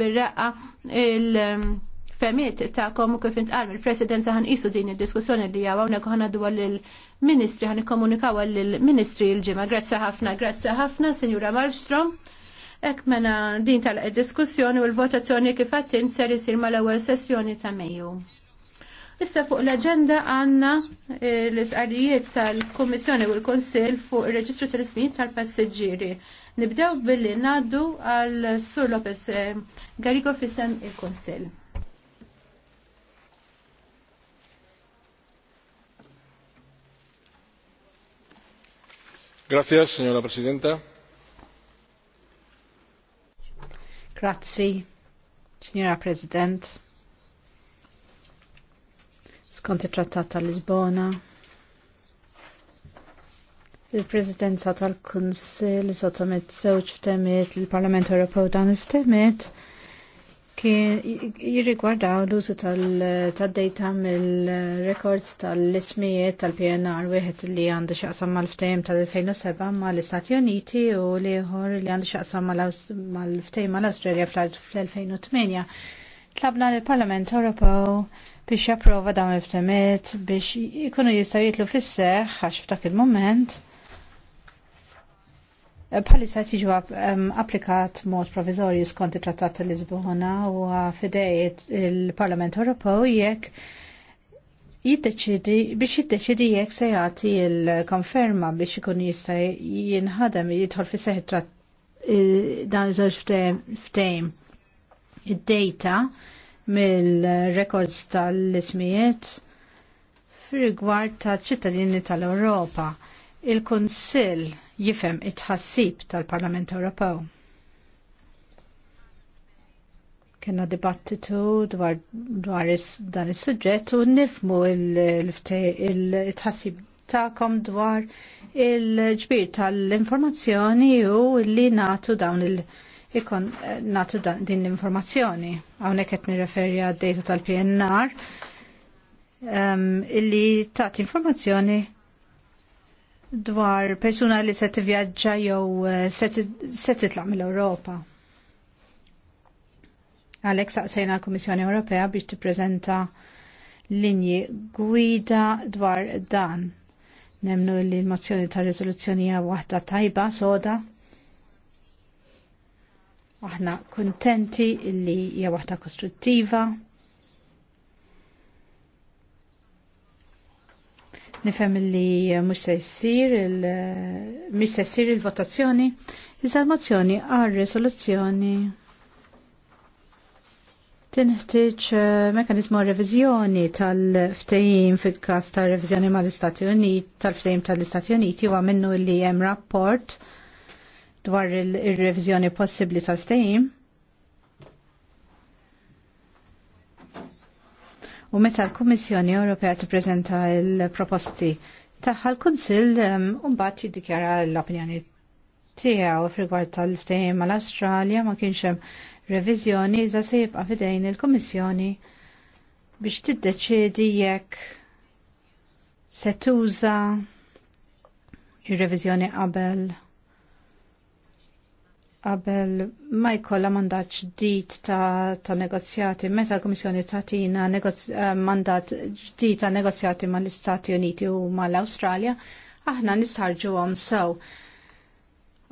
bil-raqqa il-femiet ta' komu kif intqal il-presidenza ħan isu din il-diskussjoni li għaw għonek ħan għaddu għall-ministri ħan ikkomunikaw għall-ministri il ġima Grazza ħafna, grazzi ħafna, Signora Malmstrom. Ek mena din tal-diskussjoni u l-votazzjoni kif għattin ser jisir mal-ewel sessjoni ta' Mejju. Issa fuq l-agenda għanna eh, l-isqarijiet tal-Kommissjoni u l-Konsil fuq il-Reġistru tal-Ismijiet tal-Passiġġieri. Nibdew billi naddu għal Sur Lopez eh, Garigo fisem il konsell Grazie, signora Presidenta. Grazzi, signora President. Skont it-Trattat tal-Lisbona il-Presidenza tal-Kunsil sottomet żewġ f'temet il-Parlament Ewropew dan il kien jirrigwardaw l-użu tal-data mill-records tal-ismijiet tal-PNR wieħed li għandu xaqsam mal-ftejm tal-2007 mal-Istati Uniti u liħor li għandu xaqsam mal-ftejm mal-Australia fl-2008. Tlabna l-Parlament Ewropew biex japprova dawn il-ftemiet biex ikunu jistaw jitlu fis għax f'dak il-moment Palissa tiġu applikat mod provizorju skont it-Trattat ta' Lisbona u fidej il-Parlament Ewropew jekk jiddeċidi biex jiddeċidi jekk se jagħti l-konferma biex ikun jista' jinħadem jidħol fi seħ dan iż-żewġ ftehim id-data mill-records tal-ismijiet fir-rigward ta' ċittadini tal-Ewropa. Il-Kunsill jifem it-ħassib tal-Parlament Ewropew. Kenna dibattitu dwar, dwar is, dan is-suġġett u nifmu il-tħassib ta'kom dwar il-ġbir tal-informazzjoni u li natu dawn il- ikon natu din l-informazzjoni. Għawnek qed nirreferi għad data tal-PNR um, illi tat informazzjoni dwar persuna li se tivvjaġġa jew eh, se titlaq mill-Ewropa. Għalhekk saqsejna l-Kummissjoni Ewropea biex tippreżenta linji gwida dwar dan. Nemnu li l-mozzjoni ta' riżoluzzjoni hija waħda tajba soda. Aħna kuntenti li hija waħda kostruttiva. Nifhem li mhux se il mhux se jissir il-votazzjoni. Iżda mozzjoni għal resoluzzjoni tinħtieġ eh, mekanizmu reviżjoni tal-ftehim fil-każ ta' reviżjoni mal-Istati Uniti tal-ftehim tal-Istati Uniti huwa minnu li hemm rapport dwar ir-reviżjoni possibbli tal-ftehim u meta l-Kummissjoni Ewropea tippreżenta l-proposti tagħha l-Kunsill ehm, mbagħad jiddikjara l-opinjoni tiegħu f'rigward tal-ftehim mal-Awstralja ma kienx hemm reviżjoni iżda se jibqa' fidejn il-Kummissjoni biex tiddeċiedi jekk se tuża ir-reviżjoni qabel qabel ma jkollha mandat ġdid ta', ta negozjati, meta l-Kummissjoni tatina eh, mandat ġdid ta' negozjati mal istati Uniti u mal-Awstralja, aħna nisħarġu għom sew.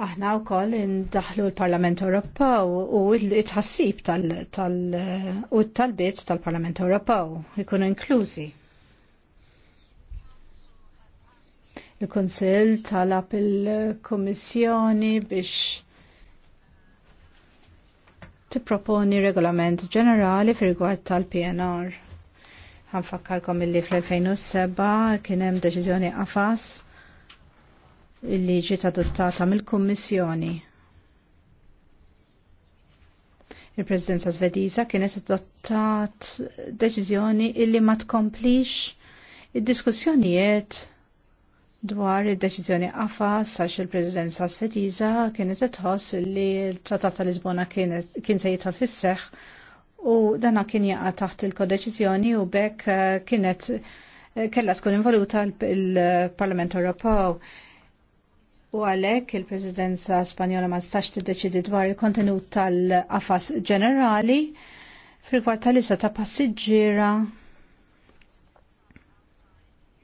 Aħna wkoll indaħlu l-Parlament Ewropew u t-tħassib u tal-bit tal-Parlament Ewropew ikunu inklużi. Il-Kunsill talab il-Kummissjoni biex tipproponi regolament ġenerali fir-rigward tal-PNR. Ħanfakkarkom illi fl-2007 kien hemm deċiżjoni qafas illi ġiet adottata mill-Kummissjoni. Il-Presidenza Svediża kienet adottat deċiżjoni illi ma tkomplix id-diskussjonijiet dwar id-deċiżjoni qafas sax il-Presidenza Svetiża kienet tħoss li l-Trattat ta' Lisbona kien se jitħol fis-seħħ u dana kien jaqa' taħt il-kodeċiżjoni u bekk eh, kienet eh, kellha tkun involuta l-Parlament Ewropew. U għalhekk il-Presidenza Spanjola ma stax tiddeċidi dwar il-kontenut tal-qafas ġenerali fil-kwart tal-issa ta' passiġġiera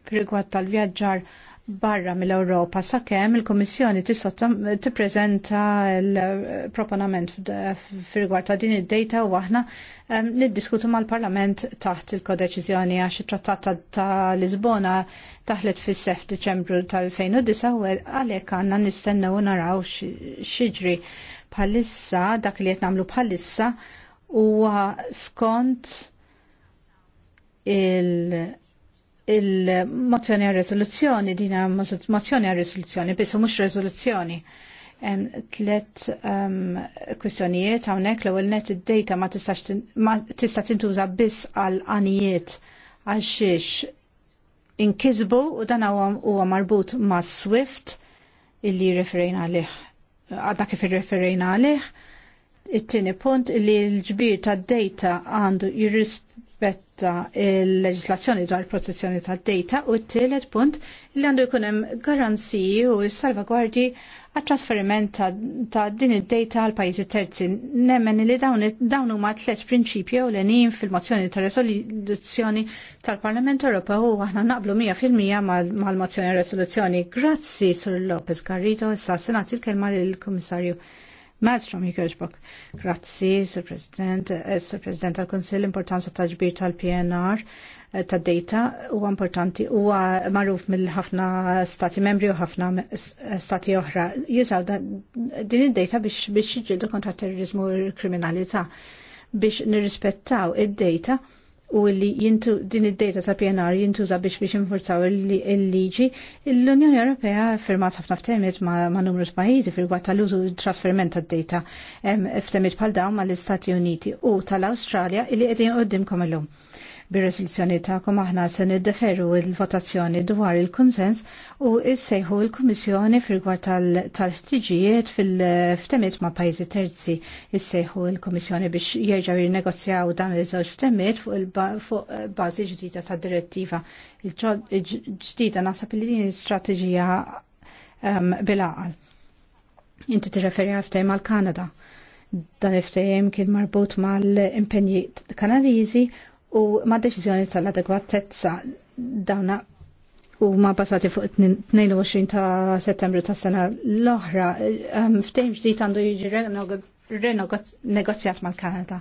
fil-rigward tal-vjaġġar barra mill-Europa sakemm il-Kummissjoni tippreżenta l-proponament fir ta' din id-data u aħna ehm, niddiskutu mal-Parlament taħt il-kodeċiżjoni għax it-Trattat ta' Lisbona taħlet fis-sef Deċembru tal-2009 u għalhekk għandna nistennew naraw xiġri bħalissa dak li qed nagħmlu bħalissa huwa skont il- il-mozzjoni għal rezoluzzjoni, dina mozzjoni għal rezoluzzjoni, bisu mux rezoluzzjoni. Tlet kwistjonijiet għawnek l ewwel net id-data ma tista' tintuża biss għal anijiet għal xiex inkisbu u dan huwa marbut ma' Swift illi referejna għalih. Għadna kif irreferejna għalih. It-tieni punt illi l-ġbir tad-data għandu jirrisp ta' il-leġislazzjoni dwar protezzjoni tad-data u t-tielet punt li għandu jkun hemm garanziji u s-salvagwardji għat-trasferiment ta' din id-data għal pajjiżi terzi. Nemmen li dawn huma tliet prinċipji u l fil-mozzjoni ta' resoluzzjoni tal-Parlament Ewropew u aħna naqblu 100% mal-mozzjoni resoluzzjoni. Grazzi Sur Lopez Garrido, issa senat il-kelma lill-Kummissarju. Maestro Mikoġbok, grazzi, Sir President, eh, Sir President tal-Konsil, importanza tal-ġbir tal-PNR, eh, tad-data u importanti u marruf mill-ħafna stati membri u ħafna stati oħra. Jużaw din id-data biex biex kontra terrorizmu u kriminalità biex nirrispettaw id-data u li jintu din id-data ta' PNR jintuża biex biex infurzaw il-liġi, l-Unjoni Ewropea firmat ħafna ftemiet ma' numru ta' pajjiżi fil-gwatt tal-użu trasferiment tad-data ftemiet bħal dawn mal-Istati Uniti u tal-Awstralja li qegħdin qudiemkom illum. Bir-resoluzzjoni ta'kom aħna se niddeferu il-votazzjoni dwar il-konsens u issejħu il-Kummissjoni fil-gwar tal-ħtiġijiet fil-ftemiet ma' pajjiżi terzi. Issejħu il-Kummissjoni biex jerġgħu jinnegozjaw dan iż-żewġ ftemiet fuq il- eh, bażi ġdida ta' direttiva. Il-ġdida nasab li din l-istrateġija ehm, bil-aqal. Inti tirreferi għal mal-Kanada dan il kien marbut mal-impenji kanadizi u ma' deċiżjoni tal-adegwatezza dawna u ma basati fuq 22 ta' settembru ta' sena l-oħra, ehm, ftejm ġdijt għandu jiġi renegozjat mal-Kanada.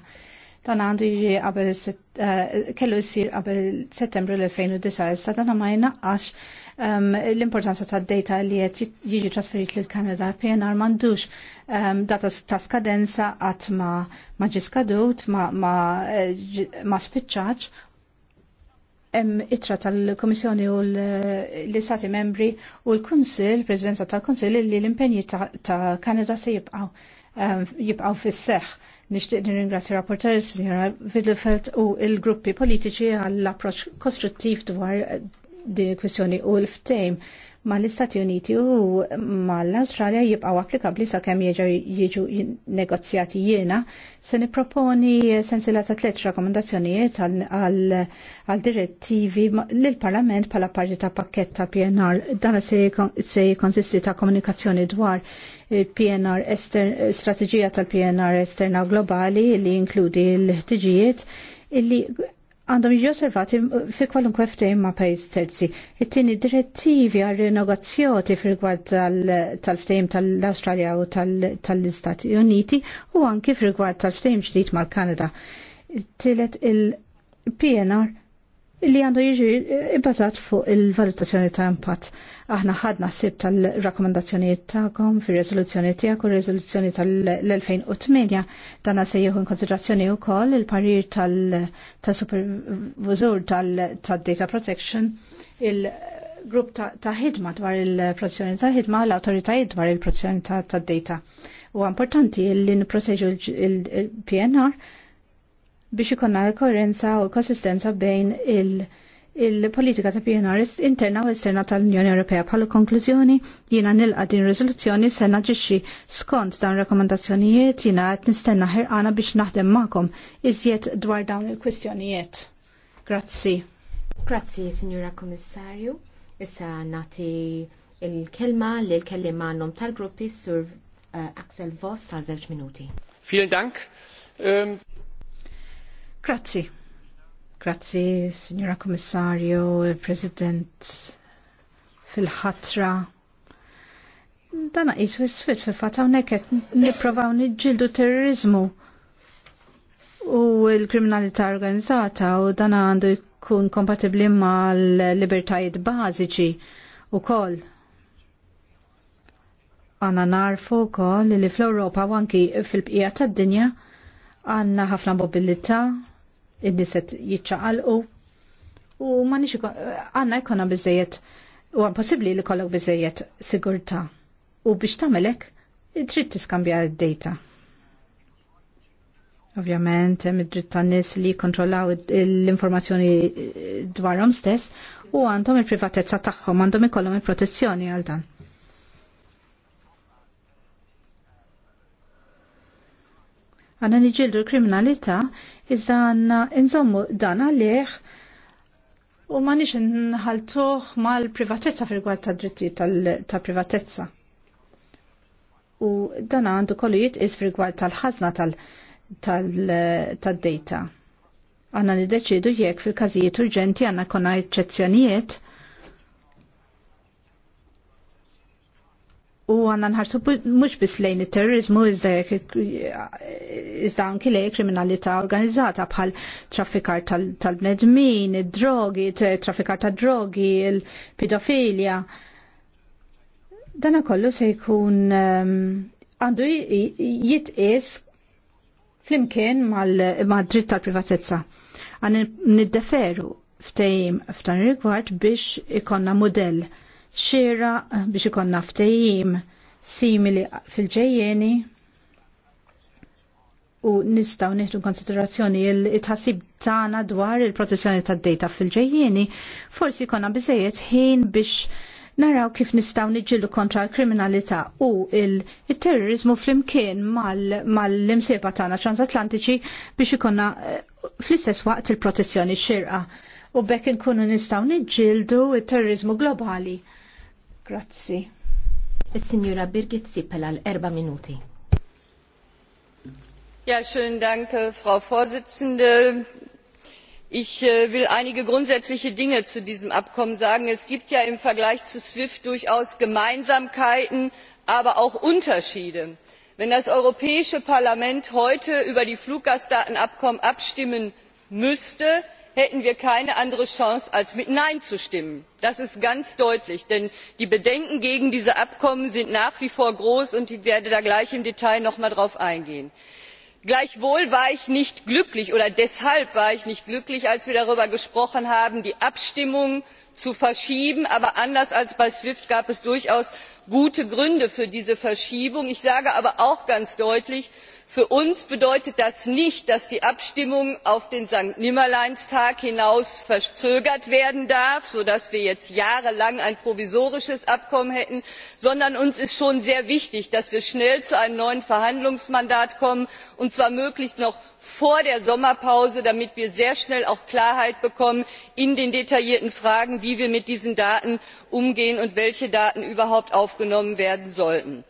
Dan għandu jiġi għabel eh, kellu jisir qabel settembru l-2009, sa' dan ma jnaqqax ehm, l-importanza ta' data li qed jiġi trasferit lill-Kanada PNR m'għandux um, data ta' skadenza għat ma, ma ġiskadut, ma, ma, eh, ma spiċċaċ. Hemm itra tal-Komissjoni u l-Istati membri u l-Kunsil, Presidenza tal-Kunsil, li l-impenji ta', Kanada se jibqaw um, jibqaw fis-seħħ nishtiq nirringrazzja rapporters Njera Vidlefeld u il-gruppi politiċi għall approċ kostruttiv dwar din il-kwistjoni u l-ftejm ma l-Istati Uniti u ma l-Australia jibqaw applikabli sa' kem jieġu negozjati jiena, se niproponi sensila ta' tlet rakomendazzjonijiet għal direttivi l-Parlament pala parti ta' pakketta ta' PNR. Dan se konsisti ta' komunikazzjoni dwar PNR strategija tal-PNR esterna globali li inkludi l-ħtiġijiet illi għandhom jiġi osservati uh, fi kwalunkwe ftehim ma' pajjiż terzi. It-tieni direttivi għal rinegozjati f'rigward tal-ftehim tal-Awstralja u tal-Istati Uniti u anki f'rigward tal-ftehim ġdid mal-Kanada. Tilet il-PNR Illi għandu jiġi ibbażat eh, fuq il-valutazzjoni ta' impatt. Aħna ħadna sib tal-rakkomandazzjonijiet tagħkom fir-riżoluzzjoni tiegħek u riżoluzzjoni tal-2008 dana se jieħu in konsiderazzjoni wkoll il-parir tal-supervisur tal-data protection il-grupp ta' ħidma dwar il-protezzjoni ta' ħidma l-awtoritajiet dwar il-protezzjoni ta' data. U importanti li nipproteġu il-PNR il pnr biex ikonna koerenza u konsistenza bejn il- il-politika ta' PNR interna u esterna tal-Unjoni Ewropea bħala konklużjoni jiena nilqa din riżoluzzjoni se naġixxi skont dawn rakkomandazzjonijiet jiena qed nistenna ħirqana biex naħdem magħkom iżjed dwar dawn il-kwistjonijiet. Grazzi. Grazzi, Signora Kommissarju. Issa nati il-kelma l-kellim għandhom tal-gruppi sur eh, Axel Voss għal żewġ minuti. Vielen Dank. Ähm, Grazzi. Grazzi, Signora Kommissarju, President fil-ħatra. Dana isu s-sfit fil-fat hawnhekk qed nipprovaw niġġieldu terrorizmu u l-kriminalità organizzata u dana għandu jkun kompatibbli mal-libertajiet bażiċi kol. Għanna narfu wkoll li fl-Ewropa u anki fil-bqija tad-dinja għandna ħafna mobilità, id-niset jitċaqalqu u ma nix għanna jkonna bizzejiet u għan possibli li kollok bizzejiet sigurta u biex tamelek id-dritt tiskambja id-data. Ovvjament, hemm id-dritt tan-nies li jikkontrollaw l-informazzjoni eh, dwarhom stess u għandhom il-privatezza tagħhom, għandhom ikollhom il-protezzjoni għal dan. Għanna niġildu l-kriminalità iżda għanna nżommu dan għalih u ma nix nħaltuħ mal-privatezza fil-gwad ta' dritti ta' privatezza. U dan għandu kollu jitqis fil tal-ħazna tal-data. Għanna li deċidu jekk fil-kazijiet urġenti għanna konna eccezzjonijiet U għanna nħarsu mux bis lejn il-terrorizmu iżda anki lejn kriminalità organizzata bħal traffikar tal-bnedmin, id-drogi, traffikar tal-drogi, il-pedofilja. Dana kollu se jkun ehm, għandu jitqis flimkien mal-dritt tal-privatezza. Għan niddeferu ftejim f'dan rigward biex ikonna modell xira eh, biex ikon ftejjim simili fil-ġejjeni u nistaw nieħdu konsiderazzjoni il-tħassib tagħna dwar il-protezzjoni tad-data fil-ġejjieni, forsi jkollna biżejjed ħin biex naraw kif nistaw niġġieldu kontra l-kriminalità u il-terrorizmu flimkien mal-imsieba tana tagħna transatlantiċi biex ikonna eh, fl-istess waqt il-protezzjoni xirqa u bekk inkunu nistaw niġġieldu il-terrorizmu globali Grazzi. is Birgit Sippel l-erba minuti. Ja, schönen Dank, äh, Frau Vorsitzende. Ich äh, will einige grundsätzliche Dinge zu diesem Abkommen sagen. Es gibt ja im Vergleich zu SWIFT durchaus Gemeinsamkeiten, aber auch Unterschiede. Wenn das Europäische Parlament heute über die Fluggastdatenabkommen abstimmen müsste, hätten wir keine andere chance als mit nein zu stimmen. das ist ganz deutlich denn die bedenken gegen diese abkommen sind nach wie vor groß und ich werde da gleich im detail noch einmal darauf eingehen. gleichwohl war ich nicht glücklich oder deshalb war ich nicht glücklich als wir darüber gesprochen haben die abstimmung zu verschieben aber anders als bei swift gab es durchaus gute gründe für diese verschiebung. ich sage aber auch ganz deutlich für uns bedeutet das nicht dass die abstimmung auf den sankt nimmerleins tag hinaus verzögert werden darf so dass wir jetzt jahrelang ein provisorisches abkommen hätten sondern uns ist schon sehr wichtig dass wir schnell zu einem neuen verhandlungsmandat kommen und zwar möglichst noch vor der sommerpause damit wir sehr schnell auch klarheit bekommen in den detaillierten fragen wie wir mit diesen daten umgehen und welche daten überhaupt aufgenommen werden sollten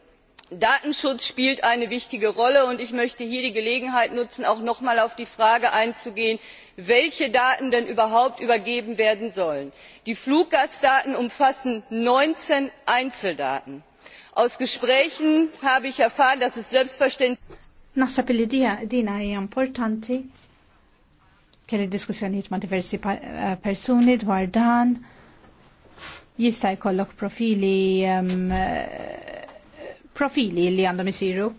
datenschutz spielt eine wichtige rolle und ich möchte hier die gelegenheit nutzen auch noch einmal auf die frage einzugehen welche daten denn überhaupt übergeben werden sollen. die fluggastdaten umfassen neunzehn einzeldaten. aus gesprächen habe ich erfahren dass es selbstverständlich eh, Jista' jkollok profili um, profili li għandhom isiru.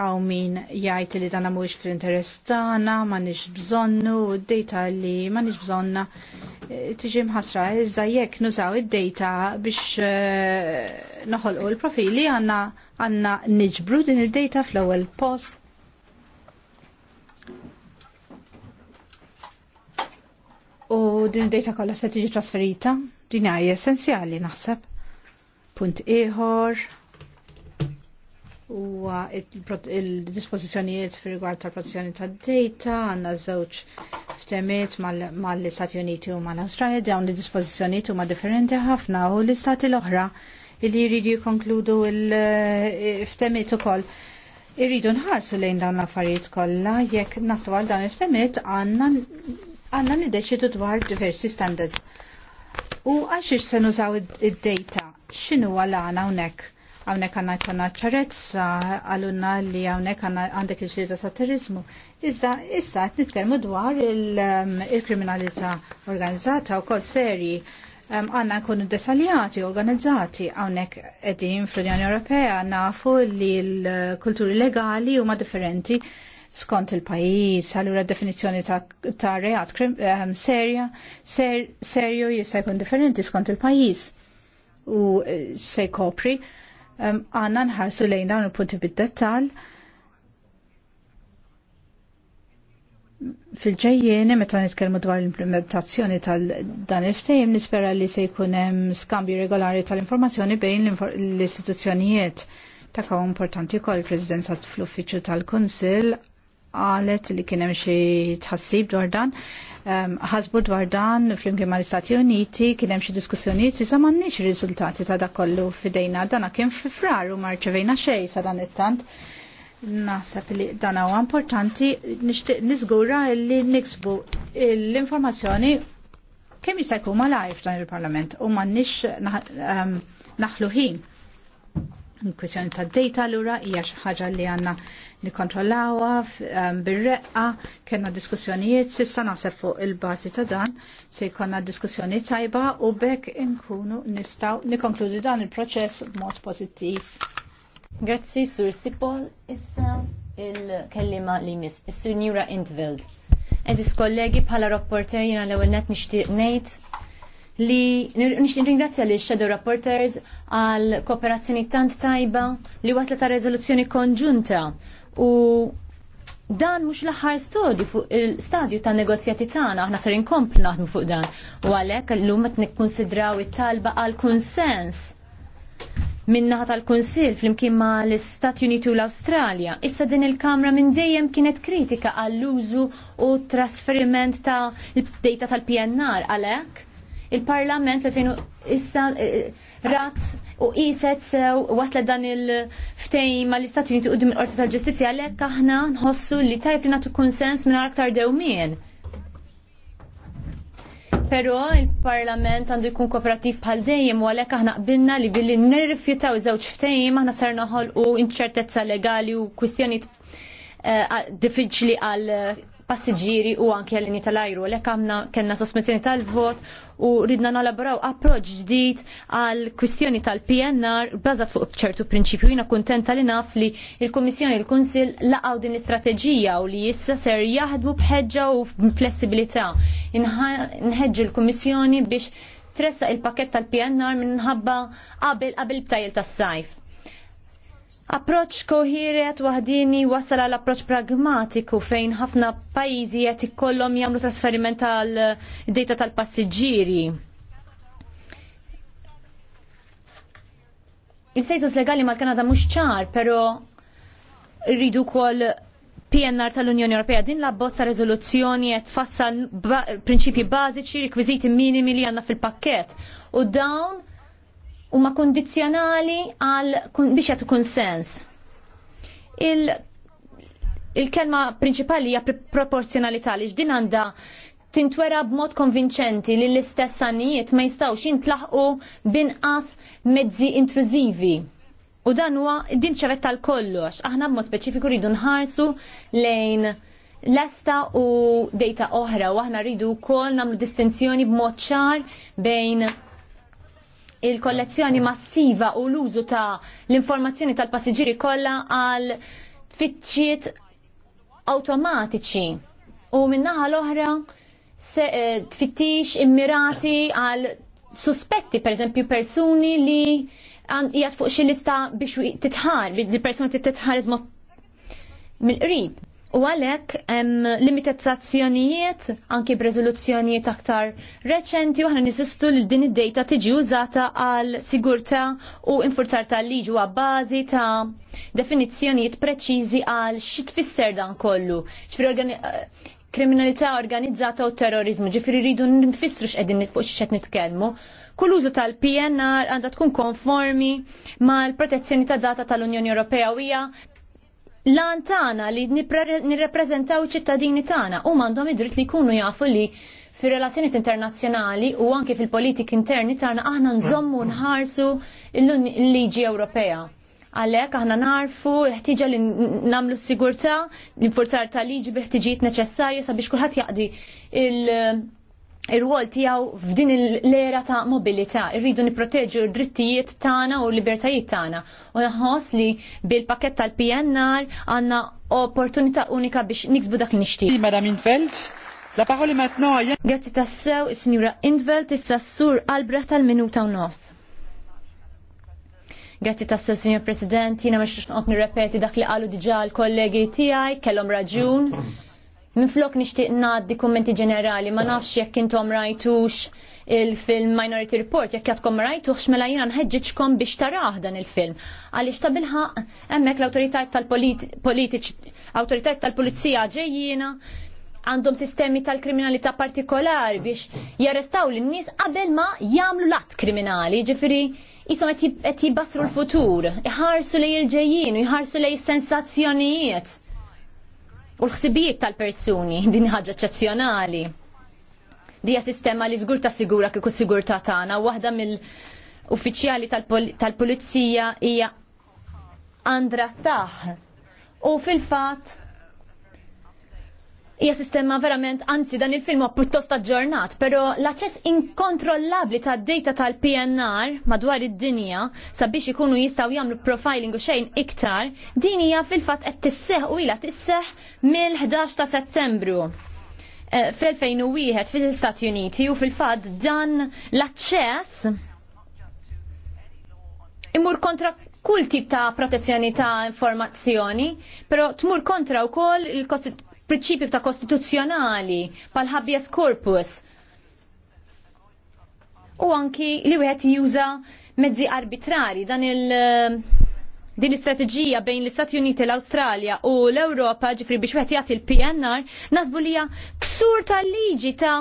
Għaw min jajt li dana mux fl-interess tana, ma nix bżonnu, d-data li ma nix bżonna e, tiġi mħasra, iżda jekk nużaw id-data biex e, noħolqu l-profili għanna għanna niġbru din id-data fl-ewwel post. U din id-data kollha se tiġi trasferita, din hija essenzjali naħseb. Punt ieħor huwa il-dispożizzjonijiet fi rigward tal-protezzjoni tad-data għandna żewġ ftemiet mal-Istati Uniti u mal australia dawn id-dispożizzjonijiet huma differenti ħafna u l-istati l-oħra li jridu jkonkludu il eh, ftemiet ukoll. Irridu nħarsu lejn dawn l-affarijiet kollha jekk naslu għal dawn il-ftemiet għanna għandna niddeċidu dwar diversi standards u għaxiex se nużaw id-data, xinu għal-għana unnek? Għawnek għanna jkunna ċarezza, għalunna li għawnek għandek il-ġlida ta' terrorizmu. Iżda, issa, nitkelmu dwar um, il-kriminalità organizzata u kol seri um, għanna nkunu detaljati, organizzati, għawnek edin fl-Unjoni Ewropea nafu li l-kulturi legali huma differenti skont il-pajis, allura definizjoni ta', ta reat um, serja, ser, serju jista' jkun differenti skont il-pajis u eh, se jkopri. Ehm, għanna um, nħarsu lejn dawn il-punti bid-dettal. fil-ġejjeni meta nitkellmu dwar l-implementazzjoni tal-dan il-ftehim nispera li se jkun hemm skambju regolari tal-informazzjoni bejn l-istituzzjonijiet ta' kaw importanti wkoll il-Presidenza fl-Uffiċċju tal-Kunsill għalet li kienem xie tħassib dwar dan. ħasbu dwar dan fl-imkien mal istati Uniti kienem xie diskussjoniet iżda m'għandniex riżultati ta' dakollu fidejna dana kien fi frar u marċevejna xej sa dan it-tant. Naħseb li dan huwa importanti nixtieq niżgura li niksbu l-informazzjoni kemm jista' jkun malajr f'dan il-Parlament u m'għandniex naħlu ħin kwestjoni ta' data l-ura hija xi ħaġa li għandna nikontrollawa um, bir-reqqa, kena diskussjonijiet, sissa nasef fuq il-bazi ta' dan, se jkonna diskussjoni tajba u bekk inkunu nistaw nikonkludi dan il-proċess b'mod pozittiv. Grazzi, Sur Sipol, issa il-kellima li mis, Sur Nura Intveld. Eżis kollegi bħala rapporter jina l-ewel net nishtiq nejt li nishtiq ringrazzja li Shadow rapporters għal kooperazzjoni tant tajba li wasla ta' rezoluzzjoni konġunta u dan mhux l-aħħar studju fuq il-stadju ta' negozjati tagħna aħna ser inkomplu naħdmu fuq dan u għalhekk illum qed nikkunsidraw it-talba għal kunsens minnaħa tal-Kunsil flimkien ma l-Istati Uniti u l-Awstralja. Issa din il-Kamra minn dejjem kienet kritika għall-użu u trasferiment ta' data tal-PNR għalhekk Il-Parlament fejn issa eh, eh, rat u iset sew waslet dan il ma mal-Istati Uniti qudiem il-Qorti tal-Ġustizzja għalhekk aħna nħossu li tajb li nagħtu konsens minn aktar dewmien. Però il-Parlament għandu jkun kooperativ bħal dejjem u għalhekk aħna qbilna li billi nirrifjutaw żewġ ftejim aħna sar u inċertezza legali u kwistjonijiet eh, diffiċli għal passiġġieri u anke għal-linji tal-ajru. Lek għamna kena sospensjoni tal-vot u ridna nalaboraw approċ ġdid għal kwistjoni tal-PNR bazat fuq ċertu prinċipju. Jina kontenta li naf li il-Komissjoni il kunsil laqaw din l-istrateġija u li jissa ser jaħdmu bħeġġa u flessibilità. Nħeġġu l-Komissjoni biex tressa il-pakket tal-PNR minħabba qabel qabel btajl tas-sajf Approċ koħiret waħdini wasal għal approċ pragmatiku fejn ħafna pajjiżi qed ikollhom jagħmlu trasferiment tal eh, data tal-passiġġieri. Il-status legali mal-Kanada mhux ċar, però rridu wkoll PNR tal-Unjoni Ewropea din l-abbozza rezoluzzjoni qed tfassal prinċipji bażiċi, rekwiżiti minimi li għandna fil-pakkett u dawn huma kondizjonali għal biex jagħtu konsens. Il il-kelma prinċipali hija proporzjonalità li x'din għandha tintwera b'mod konvinċenti li l-istess sanijiet ma jistgħux jintlaħqu binqas mezzi intrużivi. U dan huwa din ċavetta tal kollox aħna b'mod speċifiku rridu nħarsu lejn lesta u dejta oħra u aħna rridu wkoll nagħmlu distinzjoni b'mod ċar bejn il-kollezzjoni massiva u l-użu ta' l-informazzjoni tal-passiġiri kollha għal fitxiet automatiċi u minnaħa l-oħra se eh, tfittix immirati għal suspetti, per eżempju, persuni li jgħat fuq xi lista biex titħar, li persuni titħar mill-qrib. U għalek hemm limitazzazzjonijiet anki b'reżoluzzjonijiet aktar reċenti u aħna nisistu li din id-dejta tiġi użata għal sigurta u infurzar tal liġu għab bażi ta' definizzjonijiet preċiżi għal xi tfisser dan kollu. Ġifieri kriminalità organizzata u terrorizmu, ġifieri rridu nfissru x'qegħdin fuq x'qed nitkellmu. Kull użu tal-PNR għandha tkun konformi mal-protezzjoni ta' data tal-Unjoni Ewropea u hija lan tana li nirrepreżentaw ċittadini tagħna u mandom id-dritt li jkunu jafu li fir-relazzjonijiet internazzjonali u anke fil-politik interni tagħna aħna nżommu nħarsu l-liġi Ewropea. Għalhekk aħna narfu l-ħtiġa li nagħmlu s sigurta l-infurzar ta' liġi ħtiġijiet neċessarja sabiex kulħadd jaqdi il- ir-rwol tiegħu f'din l-era ta' mobilità, irridu nipproteġu d-drittijiet tagħna u l-libertajiet tagħna. U naħoss li bil-pakett tal-PNR għandna opportunità unika biex niksbu dak nixtieq. Madam Infeld, la parola maintenant à Grazzi tassew, is-Sinjura Infeld, issa s-sur Albrecht tal-minuta u nofs. Grazzi tassew, Sinjur President, jiena mhux nirrepeti dak li qalu diġà l-kollegi tiegħi, kellhom raġun Minflok nixtieq ngħaddi kummenti ġenerali, ma nafx jekk intom rajtux il-film Minority Report, jekk jatkom rajtux mela jiena nħeġġiġkom biex taraħ dan il-film. Għaliex ta' bilħaq hemmhekk l-awtoritajt tal-politiċi, awtoritajt tal politiċi Awtoritajiet tal pulizija ġejjina għandhom sistemi tal-kriminalità partikolari biex jarrestaw l-nies qabel ma jagħmlu l-att kriminali, jiġifieri jisom qed jibbassru l-futur, iħarsu lej il-ġejjin, lejn lej sensazzjonijiet u l-ħsibijiet tal-persuni din ħaġa eċċezzjonali. Dija sistema li żgur ta' sigura kieku sigur ta' tagħna waħda mill-uffiċjali tal-pulizija hija Andra Taħ. U fil-fatt hija sistema verament, anzi dan il-film pjuttost aġġornat, pero l-aċċess inkontrollabbli tad-data tal-PNR madwar id-dinja sabiex ikunu jistgħu jagħmlu profiling u xejn iktar, din hija fil-fatt qed tisseħ u ilha tisseħ mill-11 ta' Settembru eh, fl-2001 fil-Stati Uniti u fil-fatt dan l-aċċess imur kontra kull tip ta' protezzjoni ta' informazzjoni, però tmur kontra wkoll il kostit prinċipju ta' kostituzzjonali pal habeas corpus u anki li wieħed juża mezzi arbitrari dan il- eh, din l-istrateġija bejn l-Istati Uniti, l-Awstralja u l-Ewropa ġifri biex wieħed jagħti l-PNR nasbu li hija ksur tal-liġi ta'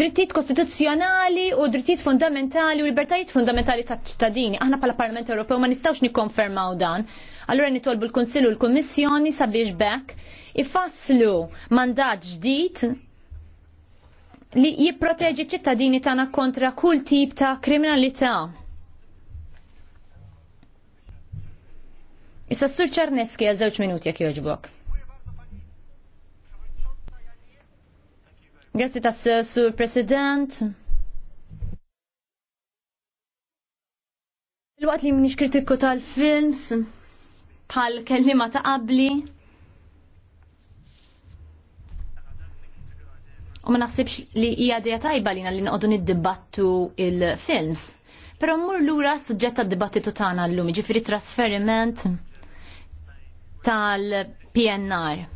drittijiet kostituzzjonali u drittijiet fundamentali u libertajiet fundamentali ta' ċittadini. Aħna pala Parlament Ewropew ma nistawx nikkonfermaw dan. Allura nitolbu l-Kunsill u l-Kummissjoni sabiex bekk ifasslu mandat ġdid li jipproteġi ċittadini tagħna kontra kull tip ta' kriminalità. Issa s-sur ċarneski għal żewġ minuti jekk jogħġbok. Grazzi tas eh, sur President. Il-waqt li minix kritiku tal-films, bħal kellima ta' qabli, u ma naħsibx li hija dejja tajba lina li noqogħdu niddibattu il-films. Però mmur lura suġġett tad-dibattitu tagħna llum, jiġifieri trasferiment tal-PNR.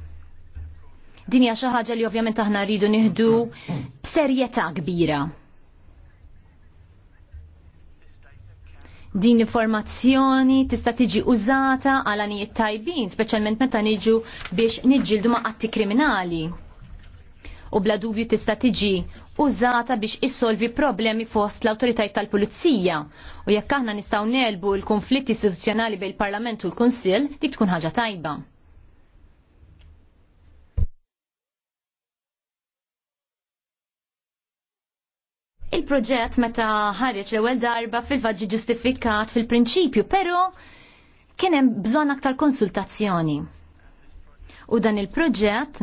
Din hija xi ħaġa li ovvjament aħna rridu nieħdu b'serjetà kbira. din l-informazzjoni tista' tiġi użata għal anijiet tajbin, speċjalment meta niġu biex niġġieldu ma' atti kriminali. U bla dubju tista' tiġi użata biex issolvi problemi fost l-autoritajiet tal-pulizija. U jekk aħna nistgħu nelbu l-konflitt istituzzjonali bejn il-Parlament u l-Kunsill, dik tkun ħaġa tajba. Il-proġett meta ħareġ l-ewwel darba fil-faġġi ġustifikat fil-prinċipju, però kien hemm bżonn aktar konsultazzjoni. U dan il-proġett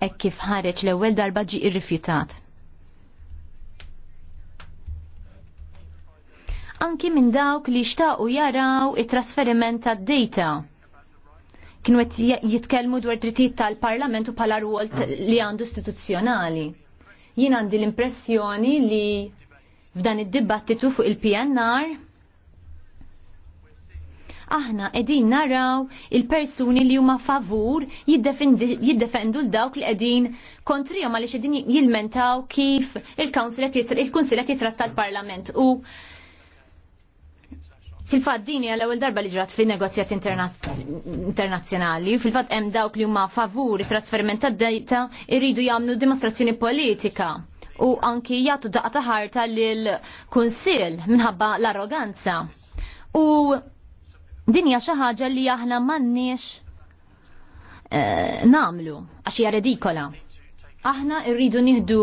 hekk kif ħareġ l-ewwel darba ġi irrifjutat. Anki minn dawk li xtaqu jaraw it-trasferiment tad-data kienu jitkellmu dwar drittijiet tal-Parlament u bħala rwol li għandu istituzzjonali. Jien għandi l-impressjoni li f'dan id-dibattitu fuq il-PNR aħna edin naraw il-persuni li huma favur jiddefendu l-dawk li edin kontri ma li xedin jilmentaw kif il-Kunsilet jitratta l-Parlament u Fil-fat dini għal ewwel darba li ġrat fin negozjat internazzjonali, fil-fat hemm dawk li huma favuri trasferiment tad data irridu jagħmlu dimostrazzjoni politika u anki jagħtu daqqa ta' ħarta lil kunsill minħabba l-arroganza. U dinja xi ħaġa li aħna m'għandniex eh, namlu għax hija redikola aħna rridu nieħdu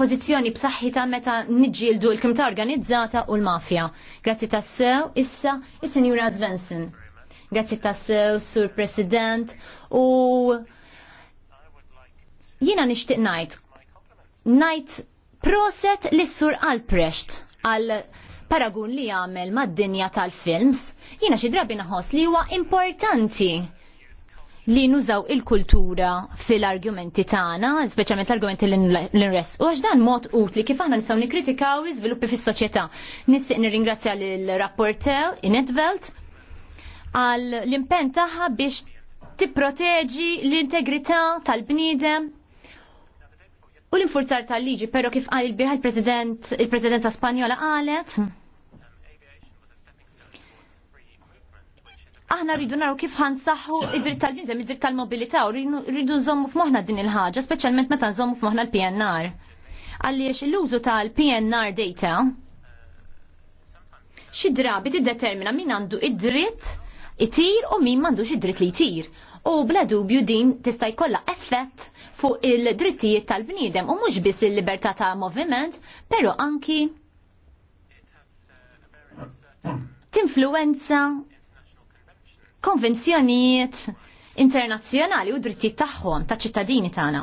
pożizzjoni b'saħħitha meta niġġieldu l ta' organizzata u l-mafja. Grazzi tassew, issa is-Sinjura Svensson. Grazzi tassew, Sur President, u jiena nixtieq ngħid. Ngħid proset lis sur Alprecht għal paragun li jagħmel mad-dinja tal-films, jiena xi drabi naħoss li huwa importanti li nużaw il-kultura fil-argumenti tagħna, speċjalment l-argumenti l-inres. U għax dan mod utli kif aħna nistgħu nikkritikaw iżviluppi fis-soċjetà. Nistieq nirringrazzja lill-rapporter Inetvelt għal l-impenn tagħha biex tipproteġi l-integrità tal-bniedem u l-infurzar tal-liġi, però kif għal il-birħa il-Presidenza Spanjola qalet aħna rridu naraw kif ħansaħħu id-dritt tal-bnidem, id-dritt tal-mobilità, u rridu nżommu f'moħħna din il-ħaġa, speċjalment meta nżommu f'moħħna l-PNR. Għaliex l-użu tal-PNR data xi drabi tiddetermina min għandu id-dritt itir u min m'għandux id-dritt li jtir. U bla dubju din tista' jkollha effett fuq il-drittijiet tal-bniedem u mhux biss il-libertà ta' moviment, però anki tinfluenza konvenzjonijiet internazzjonali u drittijiet tagħhom ta' ċittadini tagħna.